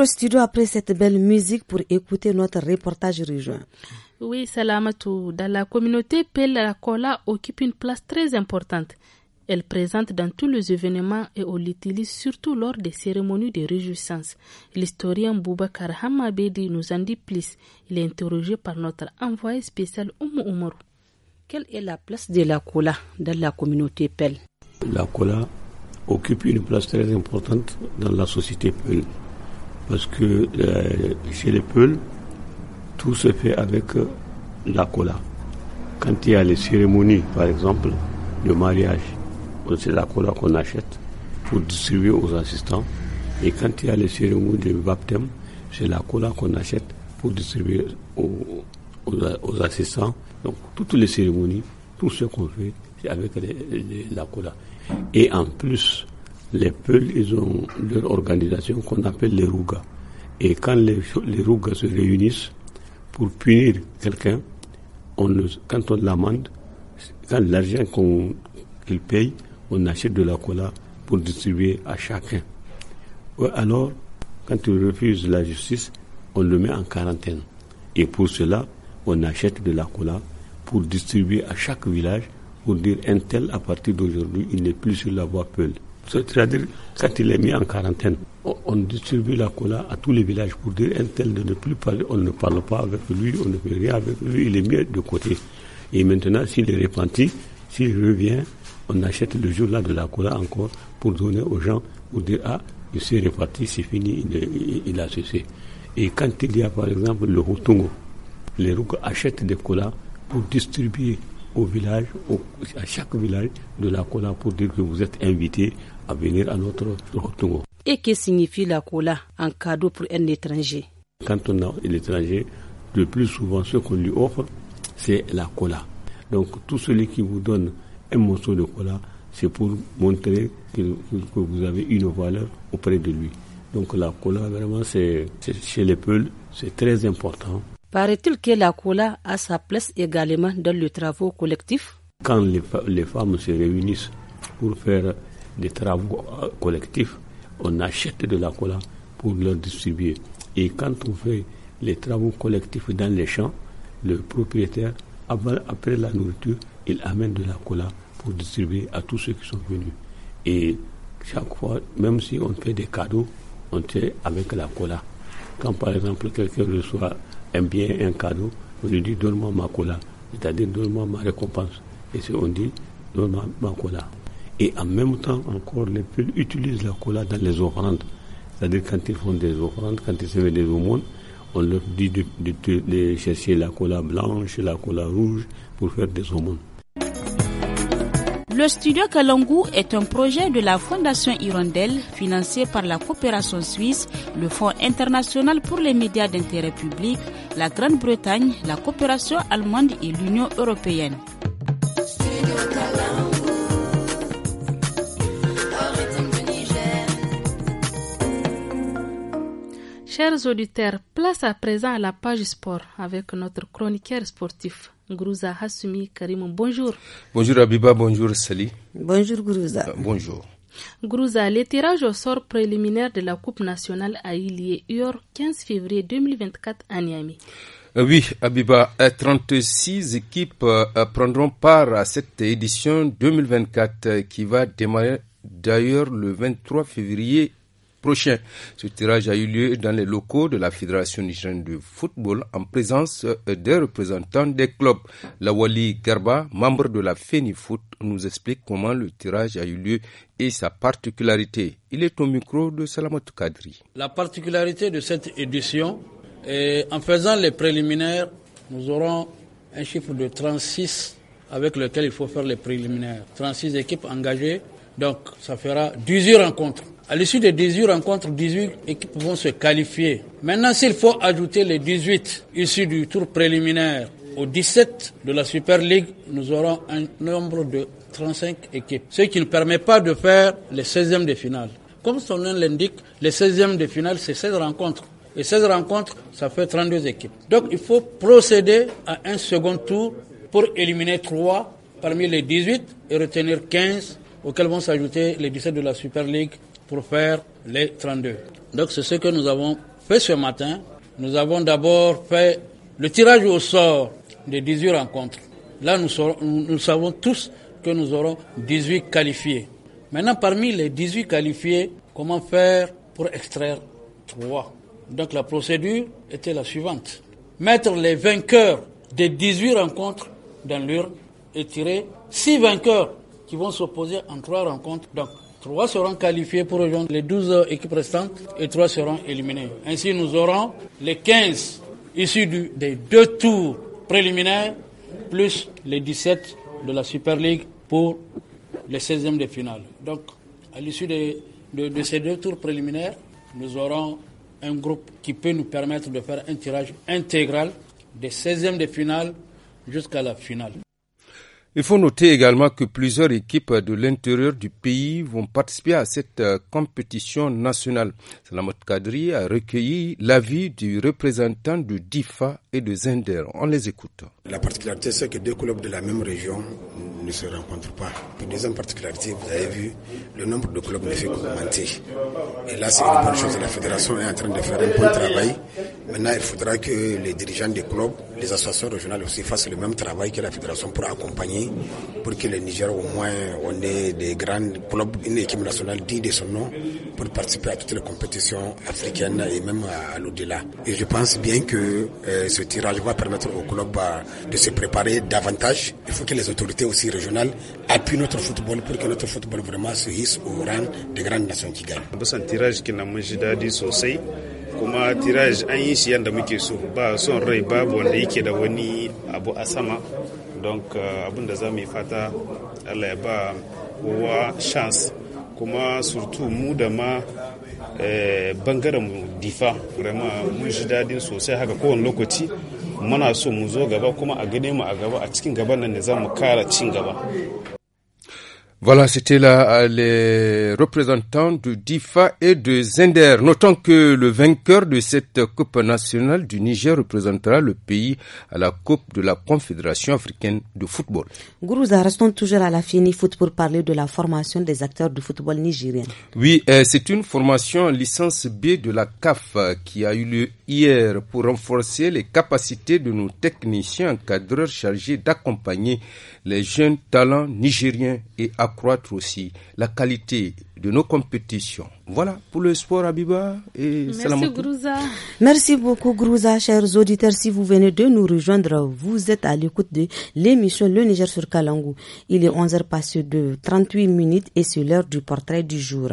au studio après cette belle musique pour écouter notre reportage régional. Oui, Salamatou, dans la communauté la cola occupe une place très importante. Elle présente dans tous les événements et on l'utilise surtout lors des cérémonies de réjouissance. L'historien Boubacar Hamabedi nous en dit plus. Il est interrogé par notre envoyé spécial Oumou Oumarou. Quelle est la place de la cola dans la communauté Pelle? La cola occupe une place très importante dans la société Pelle parce que euh, chez les Peuls, tout se fait avec euh, la cola. Quand il y a les cérémonies, par exemple, de mariage, c'est la cola qu'on achète pour distribuer aux assistants. Et quand il y a les cérémonies de baptême, c'est la cola qu'on achète pour distribuer aux, assistants. Donc, toutes les cérémonies, tout ce qu'on fait, c'est avec la cola. Et en plus, les Peuls, ils ont leur organisation qu'on appelle les Rougas. Et quand les, Rougas se réunissent pour punir quelqu'un, on quand on l'amende, quand l'argent qu'on, qu'il paye, on achète de la cola pour distribuer à chacun. Ou alors, quand il refuse la justice, on le met en quarantaine. Et pour cela, on achète de la cola pour distribuer à chaque village pour dire un tel à partir d'aujourd'hui, il n'est plus sur la voie Peul c'est-à-dire quand il est mis en quarantaine, on distribue la cola à tous les villages pour dire un tel de ne plus parler, on ne parle pas avec lui, on ne fait rien avec lui, il est mis de côté. Et maintenant, s'il est repenti, s'il revient, on achète le jour-là de la cola encore pour donner aux gens, pour dire ah, il s'est réparti, c'est fini, il, a cessé. Et quand il y a par exemple le Hotongo, les Rougs achètent des colas pour distribuer au village, à chaque village de la cola pour dire que vous êtes invité venir à notre Togo. Et que signifie la cola en cadeau pour un étranger Quand on a étranger, le plus souvent ce qu'on lui offre, c'est la cola. Donc tout celui qui vous donne un morceau de cola, c'est pour montrer que, vous avez une valeur auprès de lui. Donc la cola, vraiment, c'est chez les Peuls, c'est très important. Paraît-il que la cola a sa place également dans le travail collectif Quand les femmes se réunissent pour faire des travaux collectifs, on achète de la cola pour leur distribuer. Et quand on fait les travaux collectifs dans les champs, le propriétaire, après la nourriture, il amène de la cola pour distribuer à tous ceux qui sont venus. Et chaque fois, même si on fait des cadeaux, on tient avec la cola. Quand par exemple quelqu'un reçoit un bien, un cadeau, on lui dit donne-moi ma cola, c'est-à-dire donne-moi ma récompense. Et si on dit donne-moi ma cola. Et en même temps, encore, les peuples utilisent la cola dans les offrandes. C'est-à-dire, quand ils font des offrandes, quand ils se mettent des aumônes, on leur dit de, chercher la cola blanche, la cola rouge pour faire des aumônes. Le studio Kalangu est un projet de la Fondation Hirondelle financé par la coopération suisse, le Fonds international pour les médias d'intérêt public, la Grande-Bretagne, la coopération allemande et l'Union européenne. Chers auditeurs, place à présent à la page sport avec notre chroniqueur sportif, Grouza Hassumi Karim. Bonjour. Bonjour Abiba, bonjour Sali. Bonjour Grouza. Euh, bonjour. Grouza, les tirages au sort préliminaire de la Coupe nationale a eu lieu hier 15 février 2024 à Niamey. Euh, oui, Abiba, 36 euh, équipes prendront part à cette édition 2024 qui va démarrer d'ailleurs le 23 février prochain. Ce tirage a eu lieu dans les locaux de la Fédération nigérienne de football en présence euh, des représentants des clubs. Lawali Garba, membre de la FENIFOOT, nous explique comment le tirage a eu lieu et sa particularité. Il est au micro de Salamot Kadri. La particularité de cette édition est en faisant les préliminaires, nous aurons un chiffre de 36 avec lequel il faut faire les préliminaires. 36 équipes engagées, donc ça fera 18 rencontres. À l'issue des 18 rencontres, 18 équipes vont se qualifier. Maintenant, s'il faut ajouter les 18 issus du tour préliminaire aux 17 de la Super League, nous aurons un nombre de 35 équipes, ce qui ne permet pas de faire les 16e de finale. Comme son nom l'indique, les 16e de finale, c'est 16 rencontres. Et 16 rencontres, ça fait 32 équipes. Donc il faut procéder à un second tour pour éliminer 3 parmi les 18 et retenir 15 auxquels vont s'ajouter les 17 de la Super League pour faire les 32. Donc c'est ce que nous avons fait ce matin. Nous avons d'abord fait le tirage au sort des 18 rencontres. Là, nous, savons tous que nous aurons 18 qualifiés. Maintenant, parmi les 18 qualifiés, comment faire pour extraire 3 Donc la procédure était la suivante. Mettre les vainqueurs des 18 rencontres dans l'urne et tirer 6 vainqueurs qui vont s'opposer en 3 rencontres. Donc Trois seront qualifiés pour rejoindre les 12 équipes restantes et trois seront éliminés. Ainsi, nous aurons les 15 issus des deux tours préliminaires plus les 17 de la Super League pour les 16e de finale. Donc, à l'issue de, de ces deux tours préliminaires, nous aurons un groupe qui peut nous permettre de faire un tirage intégral des 16e de finale jusqu'à la finale. Il faut noter également que plusieurs équipes de l'intérieur du pays vont participer à cette euh, compétition nationale. Salamot Kadri a recueilli l'avis du représentant de DIFA et de Zender. en les écoutant. La particularité, c'est que deux clubs de la même région ne se rencontrent pas. Une deuxième particularité, vous avez vu, le nombre de clubs ne fait qu'augmenter. Et là, c'est une bonne chose. La fédération est en train de faire un bon travail. Maintenant, il faudra que les dirigeants des clubs, les associations régionales aussi fassent le même travail que la fédération pour accompagner, pour que le Niger, au moins, on ait des grands clubs, une équipe nationale dit de son nom, pour participer à toutes les compétitions africaines et même à, l'au-delà. Et je pense bien que euh, ce tirage va permettre aux clubs euh, de se préparer davantage. Il faut que les autorités aussi régionales appuie notre football pour que notre football vraiment se hisse au rang des grandes nations qui gagnent. Bisan tiraj kina mun ji daɗi sosai kuma tiraj an yi shi yadda muke so ba son rai babu wanda yake da wani abu a sama don euh, abin da za mu yi fata Allah ya ba kowa chance kuma surtu mu da ma euh, bangaren mu difa mun ji daɗin sosai haka kowane lokaci muna so mu zo gaba kuma a gane mu a gaba a cikin gaban nan da za mu kara cin gaba Voilà, c'était là euh, les représentants de DIFA et de Zender. Notons que le vainqueur de cette Coupe nationale du Niger représentera le pays à la Coupe de la Confédération africaine de football. Gourouza, restons toujours à la Fini Foot pour parler de la formation des acteurs du football nigérien. Oui, euh, c'est une formation licence B de la CAF euh, qui a eu lieu hier pour renforcer les capacités de nos techniciens encadreurs chargés d'accompagner les jeunes talents nigériens et accroître aussi la qualité de nos compétitions. Voilà pour le sport, Abiba. Et Merci, Grouza. Merci beaucoup, Grouza. Chers auditeurs, si vous venez de nous rejoindre, vous êtes à l'écoute de l'émission Le Niger sur Kalangou. Il est 11h passé 38 minutes et c'est l'heure du portrait du jour.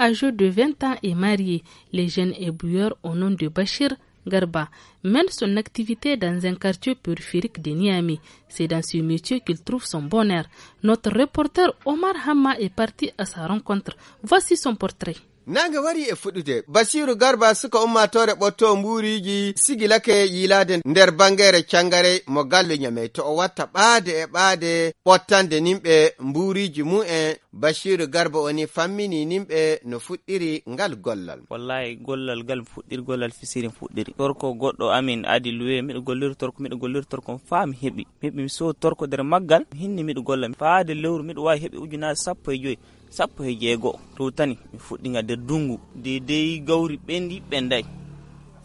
Âgeux de 20 ans et marié, les jeunes éboueurs au nom de Bachir Garba mène son activité dans un quartier périphérique de Niamey. C'est dans ce métier qu'il trouve son bonheur. Notre reporter Omar Hamma est parti à sa rencontre. Voici son portrait. nage wari e fuɗude basiru garba suka ummatore ɓotto mburiji sigilake yilade nder bangere cangare mo galle nyame to o watta ɓaade e ɓaade ɓottande nimɓe mburiji mu'en basiru garba oni fammini nimɓe no fuɗɗiri ngal gollal wallahi gollal ngal fuɗɗiri gollal fisiri fuɗɗiri torko goɗɗo amin adi luwe miɗo golliri torko miɗo golliri torko faami heɓi heɓi mi sowi torko nder maggal hinni miɗo golla faade lewru miɗo wawi heɓi ujunaji sappo e joyi sappo he jeego towtani mi fuɗɗiga nder dungu dedei gawri ɓendi ɓenday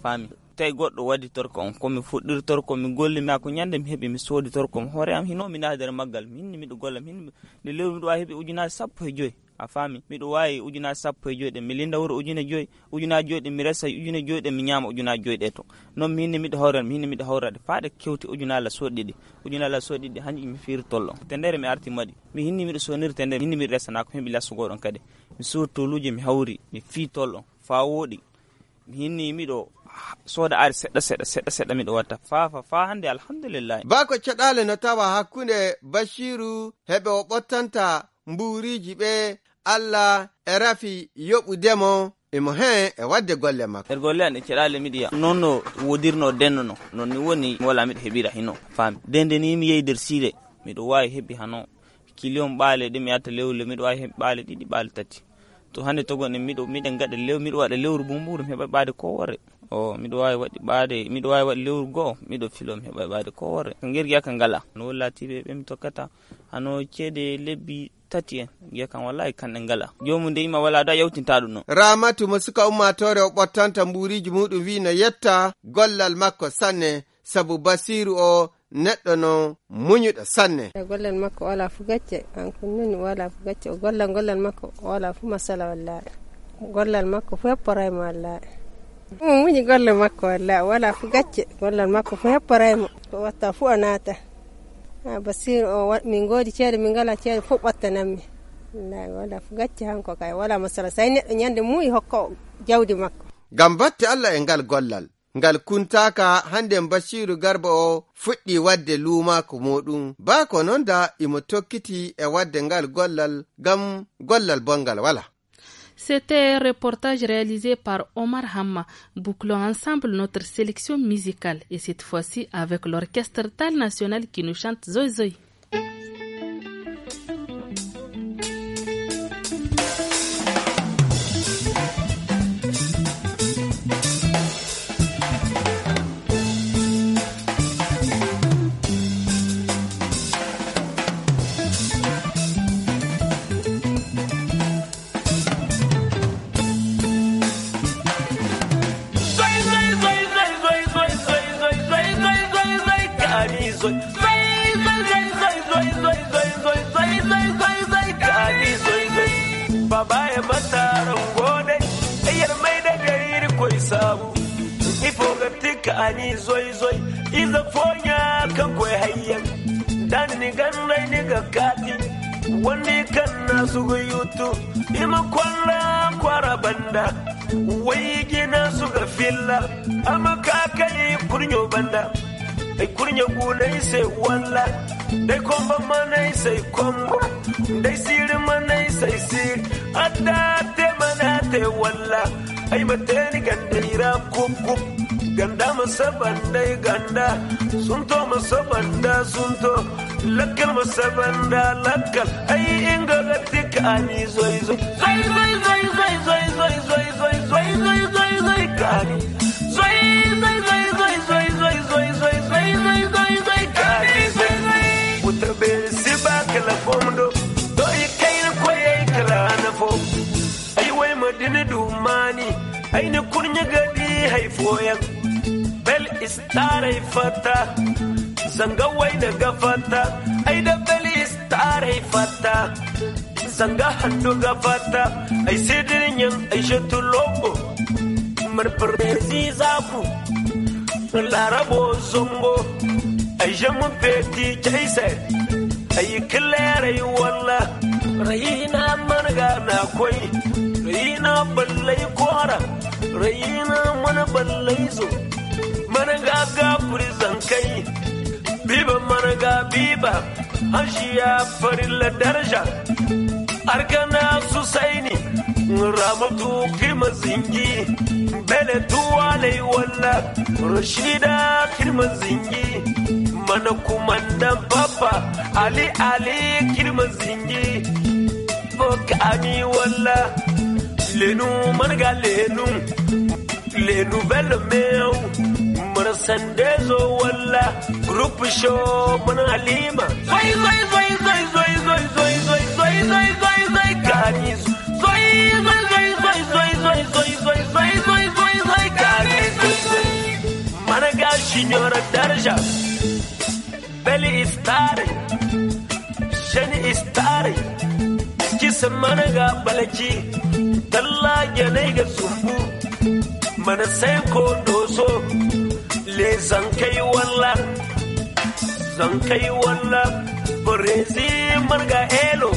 fami tawi goɗɗo waɗi torko on komi fuɗɗiri torko mi golli ma ko ñande mi heɓi mi soodi torko m hoore am hino mi naha nder maggal mi hinni miɗo golla mi hinni nde lewru miɗo wawi heɓi ujunaji sappo he joyi a faami miɗo wawi ujunaje sappo e joyi ɗe mi linda wuuro ujune joyi ujunaje joyi ɗe mi resa ujune joyi ɗe mi ñama ujunaje joyi ɗe to noon mi hinni miɗo hawrade mi hinni miɗo hawrade faaɗe kewti ujunala soɗɗiɗi ujunala soɗɗiɗi hanjum mi fiiri tollo te ndere mi arti maɗi mi hinni miɗo sonirte nde hinni miɗo resana ko heɓi lassugoɗon kadi mi suuri toluji mi hawri mi fii tollo fa wooɗi mi hinni miɗo soda ari seɗɗa seɗɗa seɗɗa seɗɗa miɗo watta fafa fa hande alhamdulillahi bako caɗale no tawa hakkunde bashiru heɓe o ɓottanta buriji ɓe allah e rafi yoɓudemo emo he e wadde golle makko er golle an e ceɗale miɗi yiya noon no wodirno no noon ni woni wala miɗo heeɓira hino faami dende ni mi yeyi nder siire miɗo wawi heɓi hano kilion ɓaale ɗe mi yatta lewle miɗo wawi heɓi ɓaale ɗiɗi ɓaale tati to hande togon en miɗo miɗen gaɗa lew miɗo waɗa lewru bumburu mi heɓa ɓaade ko worre o miɗo wawi waɗi ɓaade miɗo wawi waɗi lewru goho miɗo filomi heɓa ɓaade ko wore guer guiya kan ngala no latiɓe ɓe mi tokkata hano ceede lebbi tati en guiya kan wallahi kanɗe ngala jomum nde yima wala do a yawtinta ɗum noon ramatu mo suka ummatore o ɓottanta mburiji muɗum wi no yetta gollal makko sanne saabu basiru o neɗɗo no muñuɗo sanne e, gollal makko o wala fo gacce hanko noni o wala fo gacce o gollal gollal makko o wala fo masala wallahi gollal makko fo hepporaymo e wallahi omo mm, muñi golle makko walla wala fo gacce gollal makko fo hepparaymo ko watta fo a naata ha basiru o min goodi ceede min ngala ceede fo ɓattanammi wallahi wala fo gacce hanko kay wala masala sayi neɗɗo ñande muyi hokka jawdi makko ngam batte allah e ngal gollal ngal kuntaka hande bashiru garba o fuɗɗi wadde lumako muɗum baa ko noon da imo tokkiti e wadde ngal gollal ngam gollal bongal wala C'était un reportage réalisé par Omar Hamma. Bouclons ensemble notre sélection musicale et cette fois-ci avec l'orchestre Tal National qui nous chante Zoï Zoï. bamba manai sai kwamba dai siri manai sai siri adda te mana te walla ai mate ni ganda ira kuku ganda masa bandai ganda sunto masa banda sunto lakkal masa banda lakkal ai inga gatika ani zoi zoi zoi fata zanga wai daga fata ai da belis tare fata zanga hannu ga fata ai sai dirin yin aishatu lobo za zaku larabo zumbo ai jamun feti jaisa ai kilarai walla rayina marga na koi rayina ballai kora na mana ballai zo marga ga prison kai biba marga biba hashiya la daraja arkana su saini ramatu kirma zingi bele lai wala rashida kirma zingi mana kumanda papa ali ali kirma zingi bokami walla lenu marga lenu lenu belle meu bar sande walla group show mun halima zoi zoi zoi zoi zoi zoi zoi zoi zoi zoi zoi zoi gani zoi zoi zoi zoi zoi zoi zoi zoi zoi zoi zoi zoi gani mana ga signora darja belly is staring shan is staring kisan mana ga balaki talla ganai ga sumbu mana sai ko doso lalle zan kai walla zan kai walla burezi marga elo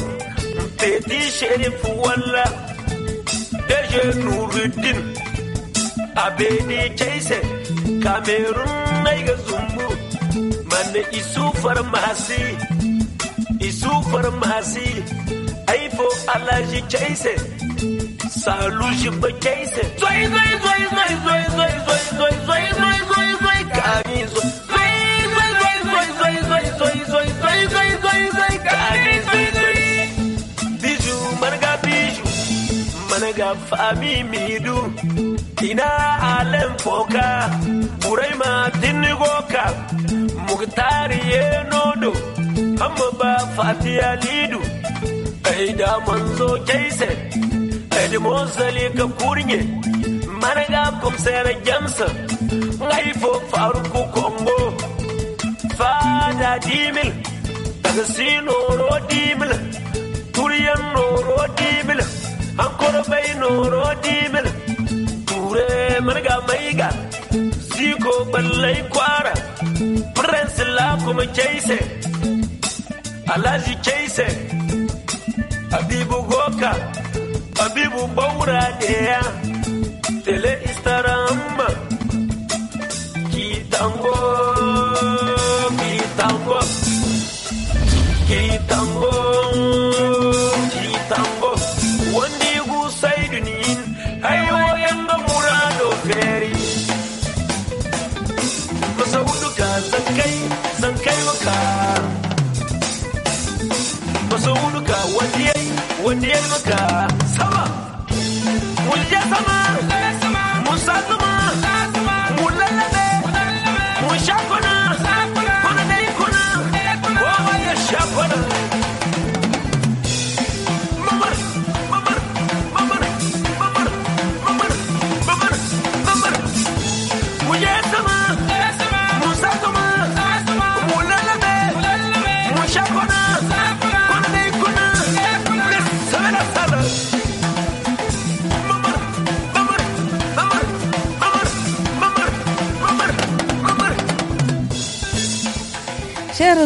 peti sherif walla deje nuruddin abedi kaise kamerun nai ga zumbu mana isu farmasi isu farmasi aifo alaji kaise saluji ba kaise zoi zoi zoi zoi zoi zoi zoi zoi zoi zoi carizo. Biju marga biju managa fami midu ina alem foka burai ma dinigoka muktari nodo amma ba fatiya lidu kai manzo kaise kai da mozali ka kurnye managa kumsere jamsa Laifo Faruku Kongo Fada Dimil Sino Ro Dimil Turian Ro Dimil Ankoro Ro Dimil Ture Marga Maiga Siko Balai Kwara Prince Lakuma Chase Alaji Chase Abibu Goka Abibu Baura Dea Tele Istaramba Kitambo, Kitambo.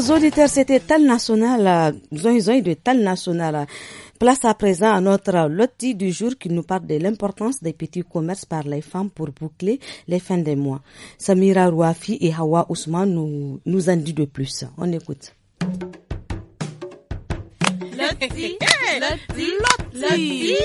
auditeurs, c'était Tal National, avons eu de Tal National. Place à présent à notre loti du jour qui nous parle de l'importance des petits commerces par les femmes pour boucler les fins des mois. Samira Rouafi et Hawa Ousmane nous, en dit de plus. On écoute. Loti, loti, loti,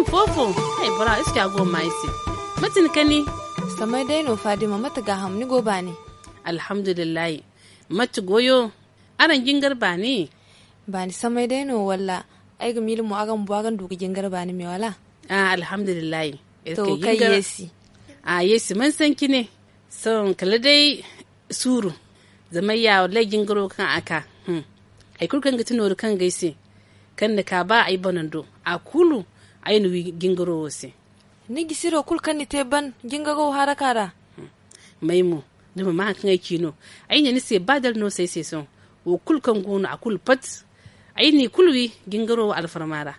mun fofo ai bora iska go maisi matin kani samai dai no fadima mata ga hamni goba ne alhamdulillah mata goyo aran gingar ba ne ba ni samai dai no walla ai ga milmu agan bu agan duka gingar ba bani me wala ah alhamdulillah to kai yesi a yesi man san ki ne son kala dai suru zama ya wallahi gingaro kan aka hmm. ai kurkan ga kan gaisi kan da ka ba ai banando a kulu ainu gingiro wasi. ni gisiro kulka ni te ban gingago kara. maimu dama ma kan aiki kino. ainya ni se badal no sai sai son wo kulkan gonu a kul pat aini kulwi gingiro wa alfarmara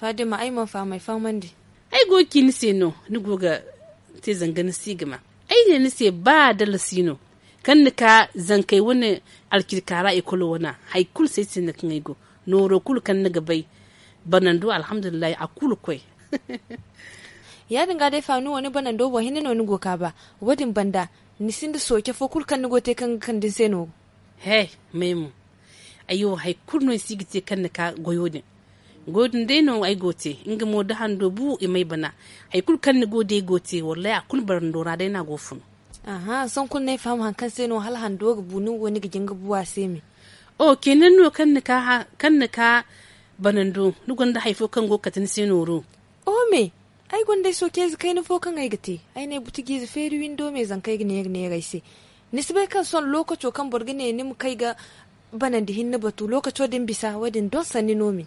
fadima ai man fa mai famandi ai goki ni se no ni goga te zangani sigima. ainya ni se badal sino kan ni ka zankai wani alkirkara ikulu e wana haikul sai sai na kanga aigo noro kul kan ni gabai banando alhamdulillah a kulu koi (laughs) ya dinga dai fanu wani banando ba hinne wani goka ba wadin banda ni da soke fo kul kan gote kan kan din seno hey memu ayo hay kurno te kan ka goyodin godin dai no ai gote inga mo da hando bu e mai bana hay kul kan gode gote wallahi a kul barando ra dai na gofun aha son kun ne fam han kan seno hal hando ga bunu wani gijin ga buwa sai me o kenan no kan ka kan ka banando ni gwanda haifo kan go katin sinoro o me ai gwanda so ke kai nufo kan ai ai ne butigi feri windo mai zan kai ne ne raise nisbe kan son lokaco kan borgine ni mu kai ga banan da hinna batu lokaco din bisa wadin don sani nomi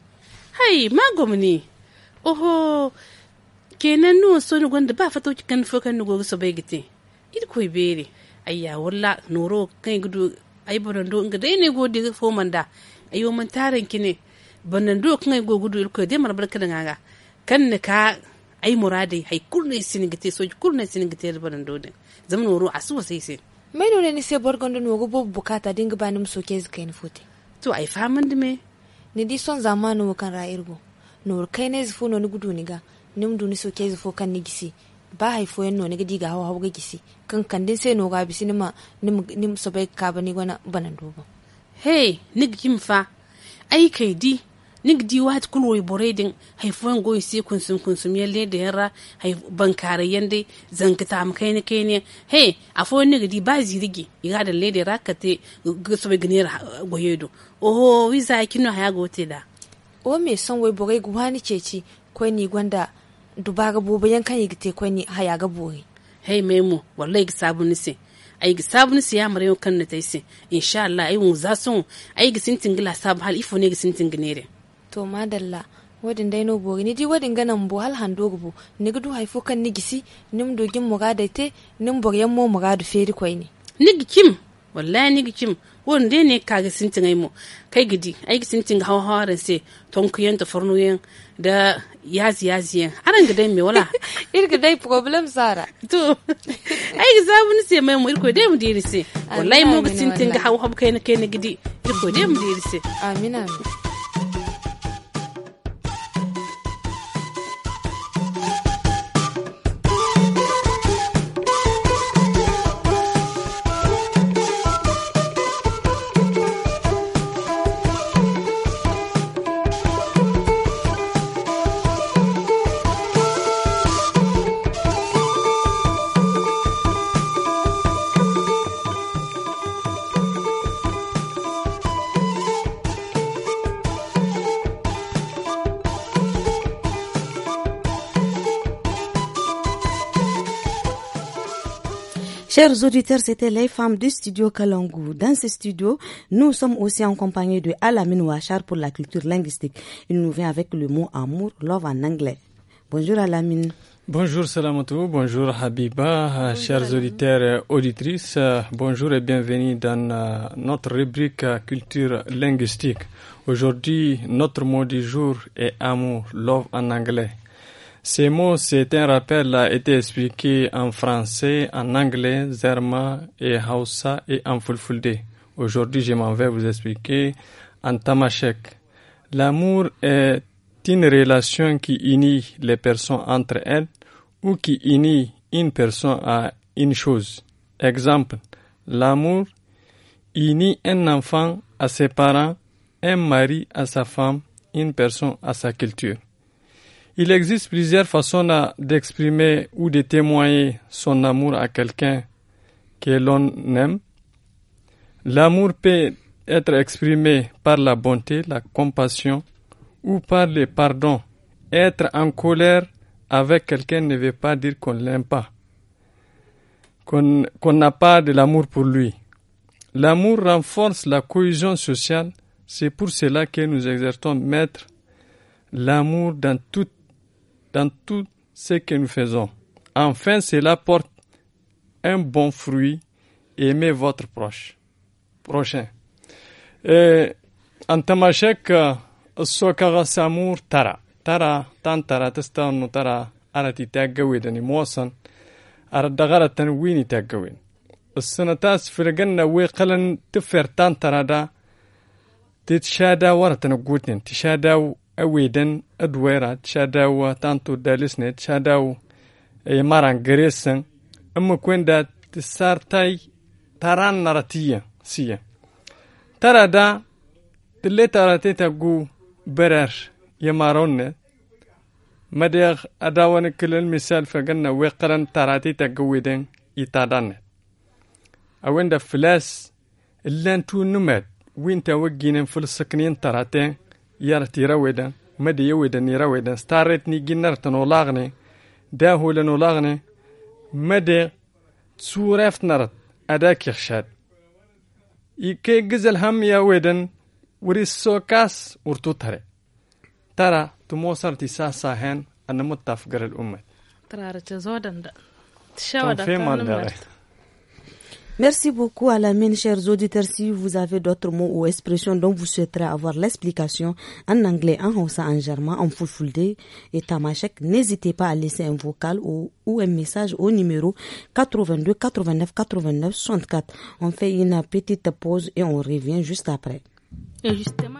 hai ma ne oho kenan nuwa so ni gwanda ba fato kan fo kan ni go bai gite Idi koi bere ayya walla noro kan gudu ai borando inga dai ne gode fo manda ayo man tarin ki ne banan do kan go gudu ilko de mar barka nganga kan ne ka ai murade hay kurne gite so kurne sinigite banan do din zaman woro asu wasai sai mai no ne sai borgon don wogo bob bukata dinga ba nim soke zaka in fute to ai faman dime ne di son zamanu kan ra irgo no kai ne zufu no gudu ni ga nim du ni soke zufu kan ni gisi ba fo yan no ni gidi ga hawa hawa gisi kan kan din sai no ga bisi ni ma nim sobai ka ba ni gona banan do ba hey ni fa ai kai di nik di wat kul wai bore din haifuwan goyi sai kunsum kunsum yalle da yara bankare yande zankata am kai ne kai ne he afo nik di ba zirige iga da le da rakate gusu be gnera goyedo oho wiza kino haya gote da o me son wai bore guwani ceci ko ni gwanda dubara bobe yi yigite ko ni haya ga bore hey memu wallahi sabu ni sai ay gi sabu ni ya mare kan na taisi insha Allah ai mu sun ai ga sintin gila sabu hal ifo ne ga sintin ginere to madalla wadin dai no bori ni di wadin ganan bo hal han dogbo ni gudu haifo kan ni gisi nim dogin gada te nim boryan mo muradu feri koy ni ni gikim wallahi ni gikim won dai ne kaga sintin ai mo kai gidi ai sintin hawa hawa se ton ku yanta ta yan da yazi yazi yan aran gidan me wala (laughs) irga dai problem sara to ai gisa mun se mai mu irko dai mu dai se wallahi mu sintin ga hawa hawa kai ne kai ne gidi irko dai mu dai se amina Chers auditeurs, c'était les femmes du studio Kalangu. Dans ce studio, nous sommes aussi en compagnie de Alamine Ouachar pour la culture linguistique. Il nous vient avec le mot amour, love en anglais. Bonjour Alamine. Bonjour Salamatou, bonjour Habiba, chers auditeurs et euh, auditrices, euh, bonjour et bienvenue dans euh, notre rubrique culture linguistique. Aujourd'hui, notre mot du jour est amour, love en anglais. Ces mots, c'est un rappel, a été expliqué en français, en anglais, zerma et hausa et en fulfulde. Aujourd'hui, je m'en vais vous expliquer en tamashek. L'amour est une relation qui unit les personnes entre elles ou qui unit une personne à une chose. Exemple, l'amour unit un enfant à ses parents, un mari à sa femme, une personne à sa culture. Il existe plusieurs façons d'exprimer ou de témoigner son amour à quelqu'un que l'on aime. L'amour peut être exprimé par la bonté, la compassion ou par le pardon. Être en colère avec quelqu'un ne veut pas dire qu'on ne l'aime pas, qu'on n'a pas de l'amour pour lui. L'amour renforce la cohésion sociale. C'est pour cela que nous exerçons mettre l'amour dans tout dans tout ce que nous faisons. Enfin, cela porte un bon fruit. Aimez votre proche, prochain. Et, en tamashek, euh, sokara samur tara. Tara, tan tara, testan tara, arati taggawidani muwasan. aradaqaratan wini taaggawen sanataas filganna weeqalan tifertaan tantarada, titshaada waratana guutnen tishaadaa awiden adwerat shadawa tantu dalisnet shadaw maran geresan ama kwenda tisartai taran naratiya siya tarada tile tarateta gu berer yamaronnet madeeg adawan kilel misal faganna weqran tarateta gawiden itadanet awenda filas ilantu numad winta waginen filsiknin tarate yarti rawedan madi yawedan ni rawedan staret ni ginartan olagne dahulan olagne madi tsureft narat adak yakhshad ike gizel ham yawedan وريسوكاس ورتوتري ترى تموصر تساسا هن أنا متفقر الأمة ترى رجزودا تشاودا فيما داري Merci beaucoup à la mine, chers auditeurs. Si vous avez d'autres mots ou expressions dont vous souhaiterez avoir l'explication en anglais, en français, en germain, en fulfulde et tamashek, n'hésitez pas à laisser un vocal ou, un message au numéro 82 89 89 64. On fait une petite pause et on revient juste après. justement,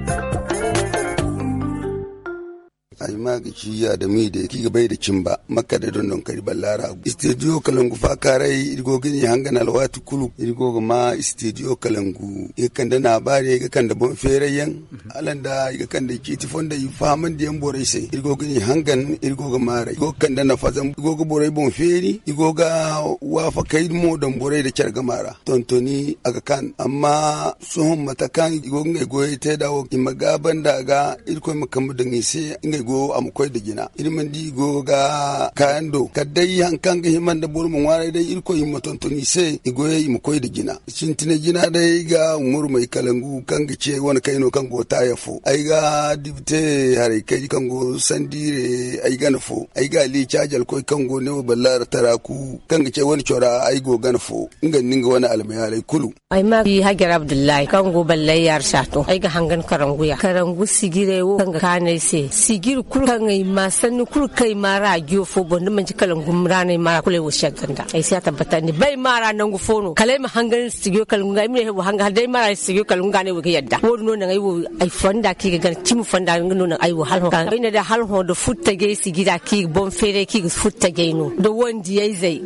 ai ma ga shi ya da mi da kiga bai da cin ba makka da don don kari ballara studio kalangu fa karai irgo gini hangan alwatu kulu irgo ma studio kalangu ga kan da na bare ga kan da bon ferayen alan da ga kan da kiti fonda yi faman da yan borai sai irgo ya hangan irgo ga mara irgo kan da na fazan irgo ga borai bon feri irgo ga fa kai mo don borai da kyar mara. tontoni aga kan amma sun matakan irgo ga goye ta dawo ki magaban da ga irko makamudin da ngise digo am koy da gina irman digo ga kayan do kadai hankan ga himan da bor ware dai irko himma tontoni se igo yi mu koy da gina cintine gina dai ga umur mai kalangu kan ga ce wani kaino kan go ta yafo ai ga dibte hare kai kan go sandire ai ga nafo ai ga li chajal koy kan go ne ballar taraku kan ga ce wani chora ai go ga nafo ingan ninga wani almayalai kulu ai ma hagar abdullahi kan go ballai yar sato ai ga hangan karanguya karangu sigire wo kan ga kanai se sigir kul kul kan ngai ma san kul kai ma ra gyo fo bon man ji kalan gum ra ne ma kule wo shaganda ai sai tabbata ni bai ma ra nan gu fo no kale ma hangan sigyo kalan ngai mi wo hanga dai ma ra sigyo kalan ngane wo yadda wo no nan ai wo ai fanda ki ga tim fanda no nan ai wo hal ho bai da hal ho do futta ge sigida ki bon fere ki futta ge no do wondi ai zai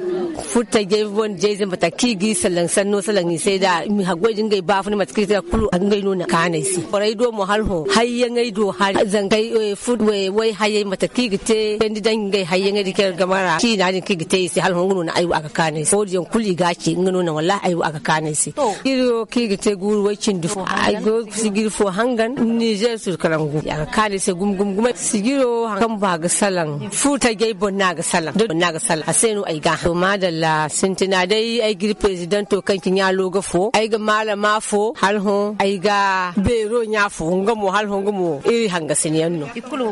futta ge bon je zai mata ki gi salan san no salan ni sai da mi hagojin gai ba funi matkita kulu an gai no na kanai si orai do mo hal ho hayyan gai do har zangai eh, food way eh, way haye mata kigite bendi dangai haye ngadi ke gamara ki nani kigite si hal hungunu na ayu aka kane sai odiyon kuli gachi ngunu na wallahi ayu aka kane sai oh. iro kigite guru way cindu ay go sigir fo hangan niger sur kalangu aka kane sai gum gum gum sigiro hangan ba ga salan futa gay bonna ga salan don na ga salan asenu ay ga to madalla sintina dai ay gir president to kankin ya loga fo ay ga malama fo hal hon ay ga bero nya fo ngamo hal hon ngamo iri hanga siniyan ikulu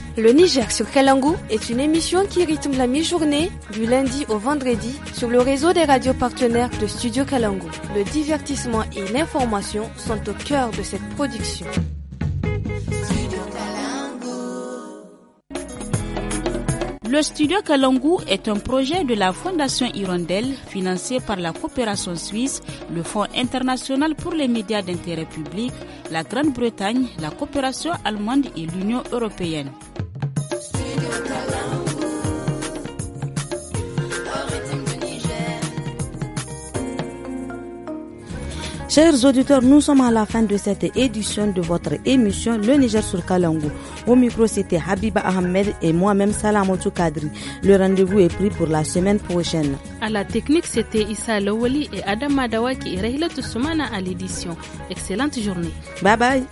Le Niger sur Kalangu est une émission qui rythme la mi-journée du lundi au vendredi sur le réseau des radios partenaires de Studio Kalangu. Le divertissement et l'information sont au cœur de cette production. Le studio Kalangu est un projet de la Fondation Hirondelle financé par la coopération suisse, le Fonds international pour les médias d'intérêt public, la Grande-Bretagne, la coopération allemande et l'Union européenne. Chers auditeurs, nous sommes à la fin de cette édition de votre émission Le Niger sur Kalango. Au micro, c'était Habiba Ahmed et moi-même Salamotou Kadri. Le rendez-vous est pris pour la semaine prochaine. À la technique, c'était Issa Lowoli et Adam Madawaki et tout semaine à l'édition. Excellente journée. Bye bye.